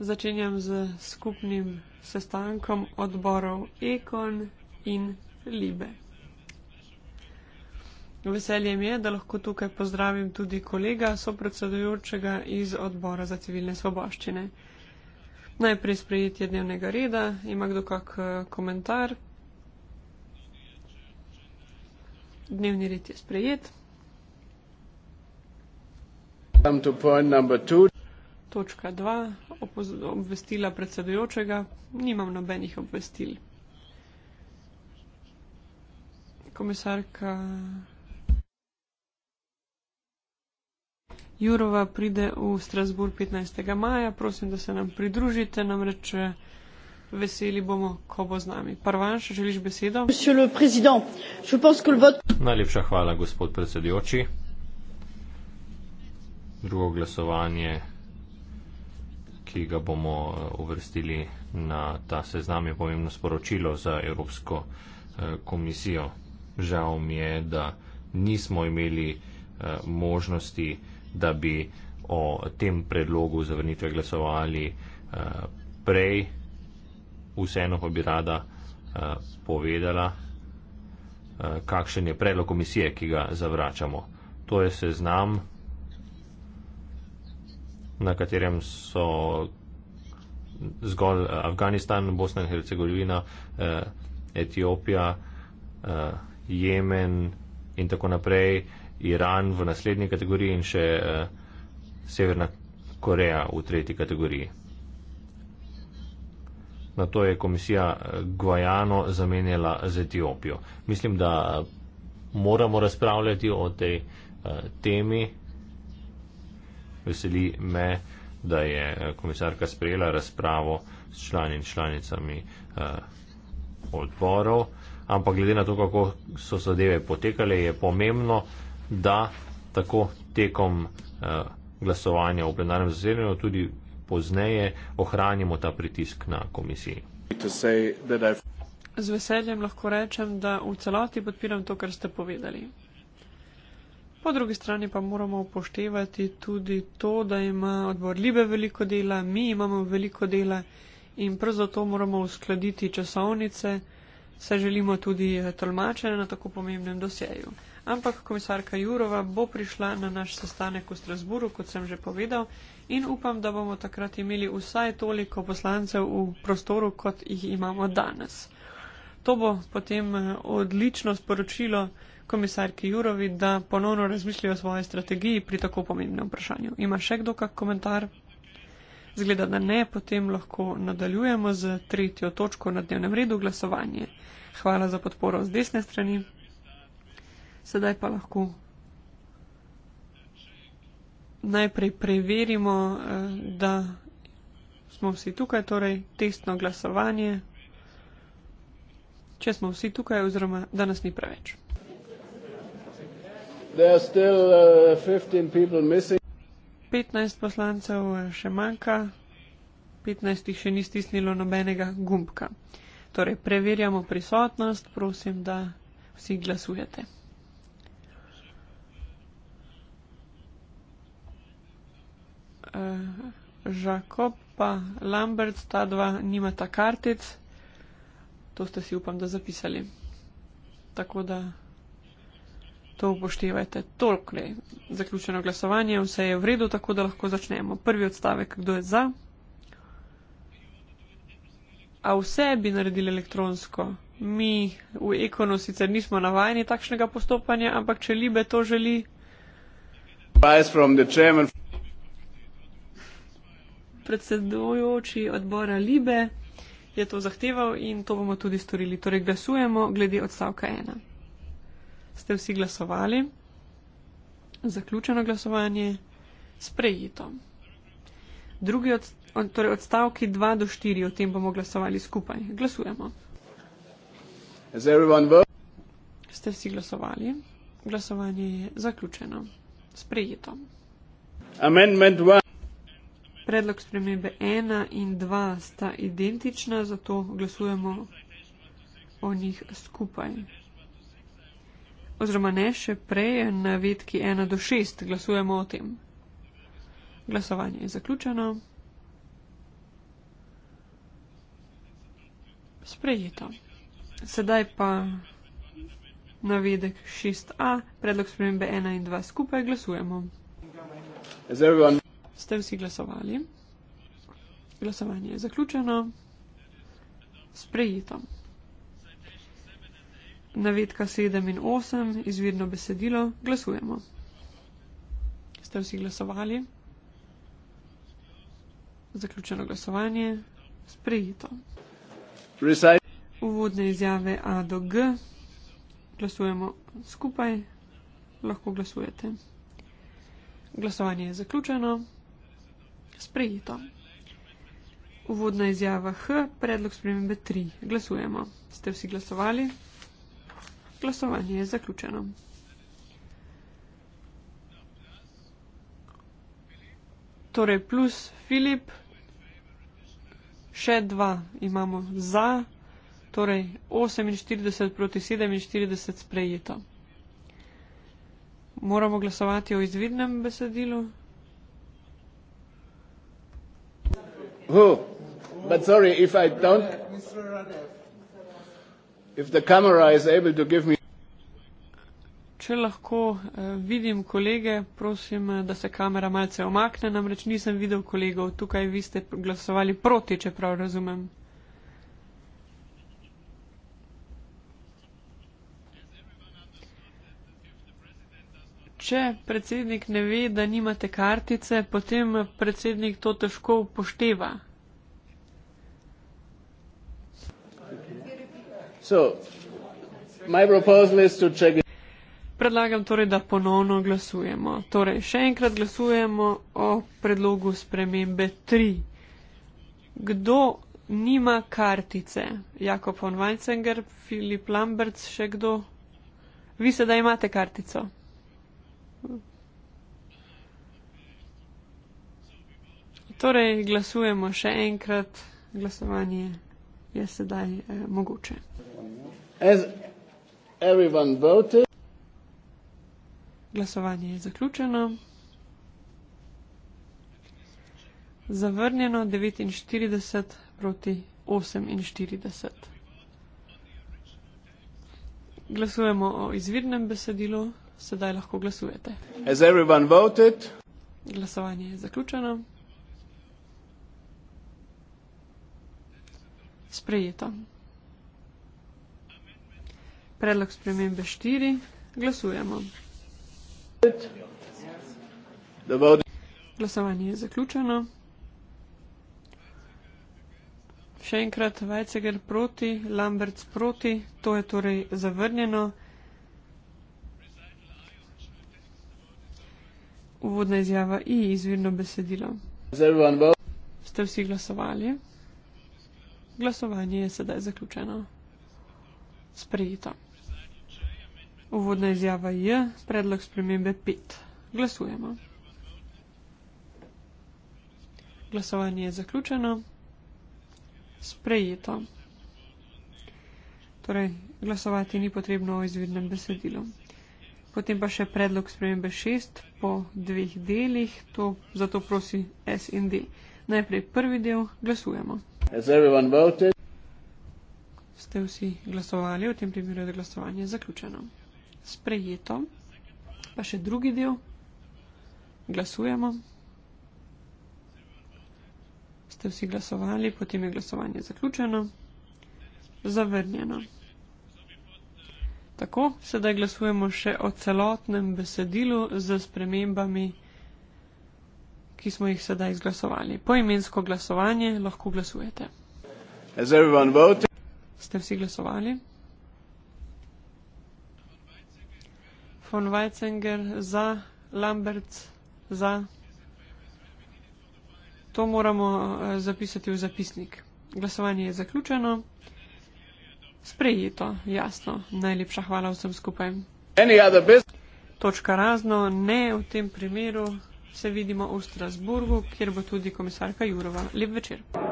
začenjam z skupnim sestankom odborov Ekon in Libe. Veselje mi je, da lahko tukaj pozdravim tudi kolega sopredsedujočega iz odbora za civilne svoboščine. Najprej sprejetje dnevnega reda. Ima kdo kak eh, komentar? Dnevni red je sprejet. Come to point number two. Točka 2. Obvestila predsedujočega. Nimam nobenih obvestil. Komisarka Jurova pride v Strasbourg 15. maja. Prosim, da se nam pridružite, namreč eh, veseli bomo, ko bo z nami. Parvan, še želiš besedo? Najlepša hvala, gospod predsedujoči. Drugo glasovanje ki ga bomo eh, uvrstili na ta seznam, je pomembno sporočilo za Evropsko eh, komisijo. Žal mi je, da nismo imeli eh, možnosti, da bi o tem predlogu zavrnitve glasovali prej. Vseeno pa bi rada povedala, kakšen je predlog komisije, ki ga zavračamo. To je seznam na katerem so zgolj eh, Afganistan, Bosna in Hercegovina, eh, Etiopija, eh, Jemen in tako naprej, Iran v naslednji kategoriji in še Severna Koreja v tretji kategoriji. Na to je komisija Gvajano zamenjala z Etiopijo. Mislim, da moramo razpravljati o tej temi Veseli me, da je eh, komisarka sprejela razpravo s člani in članicami uh, odborov, ampak glede na to, kako so zadeve potekale, je pomembno, da tako tekom uh, glasovanja v plenarnem zasedanju tudi pozneje ohranimo ta pritisk na komisiji. Z veseljem lahko rečem, da v celoti podpiram to, kar ste povedali. Po drugi strani pa moramo upoštevati tudi to, da ima odbor Libe veliko dela, mi imamo veliko dela in prav zato moramo uskladiti časovnice, se želimo tudi eh, tolmačene na tako pomembnem dosjeju. Ampak komisarka Jurova bo prišla na naš sestanek v Strasburu, kot sem že povedal, in upam, da bomo takrat imeli vsaj toliko poslancev v prostoru, kot jih imamo danes to bo potem eh, odlično sporočilo komisarki Jurovi, da ponovno razmislijo o svoji strategiji pri tako pomembnem vprašanju. Ima še kdo kak komentar? Zgleda, da ne, potem lahko nadaljujemo z tretjo točko na dnevnem redu glasovanje. Hvala za podporo z desne strani. Sedaj pa lahko najprej preverimo, eh, da smo vsi tukaj, torej testno glasovanje če smo vsi tukaj, oziroma da nas ni preveč. Still, uh, 15 poslancev eh, še manjka, 15 jih še ni stisnilo nobenega gumbka. Torej, preverjamo prisotnost, prosim, da vsi glasujete. Uh, Žakob pa Lambert, ta dva nimata kartic. To ste si upam, da zapisali. Tako da to upoštevajte. Toliko je zaključeno glasovanje, vse je v redu, tako da lahko začnemo. Prvi odstavek, kdo je za? A vse bi naredili elektronsko? Mi v Ekonu sicer nismo navajeni takšnega postopanja, ampak če Libe to želi. Predsedujoči odbora Libe je to zahteval in to bomo tudi storili. Torej, glasujemo glede odstavka 1. Ste vsi glasovali? Zaključeno glasovanje? Sprejito. Drugi od, torej odstavki 2 do 4, o tem bomo glasovali skupaj. Glasujemo. Ste vsi glasovali? Glasovanje je zaključeno. Sprejito. Amendment 1. Predlog spremembe 1 in 2 sta identična, zato glasujemo o njih skupaj. Oziroma ne, še prej na vedki 1 do 6 glasujemo o tem. Glasovanje je zaključeno. Sprejeto. Sedaj pa navedek 6a, predlog spremembe 1 in 2 skupaj glasujemo ste vsi glasovali. Glasovanje je zaključeno. Sprejeto. Navedka 7 in 8, izvirno besedilo, glasujemo. Ste vsi glasovali? Zaključeno glasovanje. Sprejeto. Uvodne izjave A do G. Glasujemo skupaj. Lahko glasujete. Glasovanje je zaključeno. Sprejeto. Uvodna izjava H, predlog spremembe 3. Glasujemo. Ste vsi glasovali? Glasovanje je zaključeno. Torej, plus Filip, še dva imamo za, torej 48 proti 47 sprejeto. Moramo glasovati o izvidnem besedilu. Who? Who? But sorry, if I don't. Uh, Mr. If the camera is able to give me. Če lahko eh, vidim kolege, prosim, eh, da se kamera malce omakne, namreč nisem videl kolegov. Tukaj vi ste glasovali proti, čeprav razumem. če predsednik ne ve, da nimate kartice, potem predsednik to težko upošteva. Predlagam torej, da ponovno glasujemo. Torej, še enkrat glasujemo o predlogu spremembe 3. Kdo nima kartice? Jakob von Weinzenger, Filip Lamberts, še kdo? Vi sedaj imate kartico. Torej, glasujemo še enkrat, glasovanje je sedaj eh, mogoče. Glasovanje je zaključeno. Zavrnjeno 49 proti 48. Glasujemo o izvirnem besedilu sedaj lahko glasujete. Glasovanje je zaključeno. Sprejeto. Predlog spremembe 4. Glasujemo. Glasovanje je zaključeno. Še enkrat Vajceger proti, Lamberts proti. To je torej zavrnjeno. uvodna izjava in izvirno besedilo. Ste vsi glasovali? Glasovanje je sedaj zaključeno. Sprejeto. Uvodna izjava je, predlog spremembe 5. Glasujemo. Glasovanje je zaključeno. Sprejeto. Torej, glasovati ni potrebno o izvirnem besedilu. Potem pa še predlog spremembe 6 po dveh delih, to zato prosi S in D. Najprej prvi del glasujemo. Ste vsi glasovali, v tem primeru je glasovanje zaključeno. Sprejeto. Pa še drugi del. Glasujemo. Ste vsi glasovali, potem je glasovanje zaključeno. Zavrnjeno. Tako, sedaj glasujemo še o celotnem besedilu z spremembami, ki smo jih sedaj izglasovali. Po imensko glasovanje lahko glasujete. Ste vsi glasovali? Von Weizsänger za, Lambert za. To moramo eh, zapisati v zapisnik. Glasovanje je zaključeno. Sprejeto, jasno. Najlepša hvala vsem skupaj. Točka razno, ne v tem primeru. Se vidimo v Strasburgu, kjer bo tudi komisarka Jurova. Lep večer.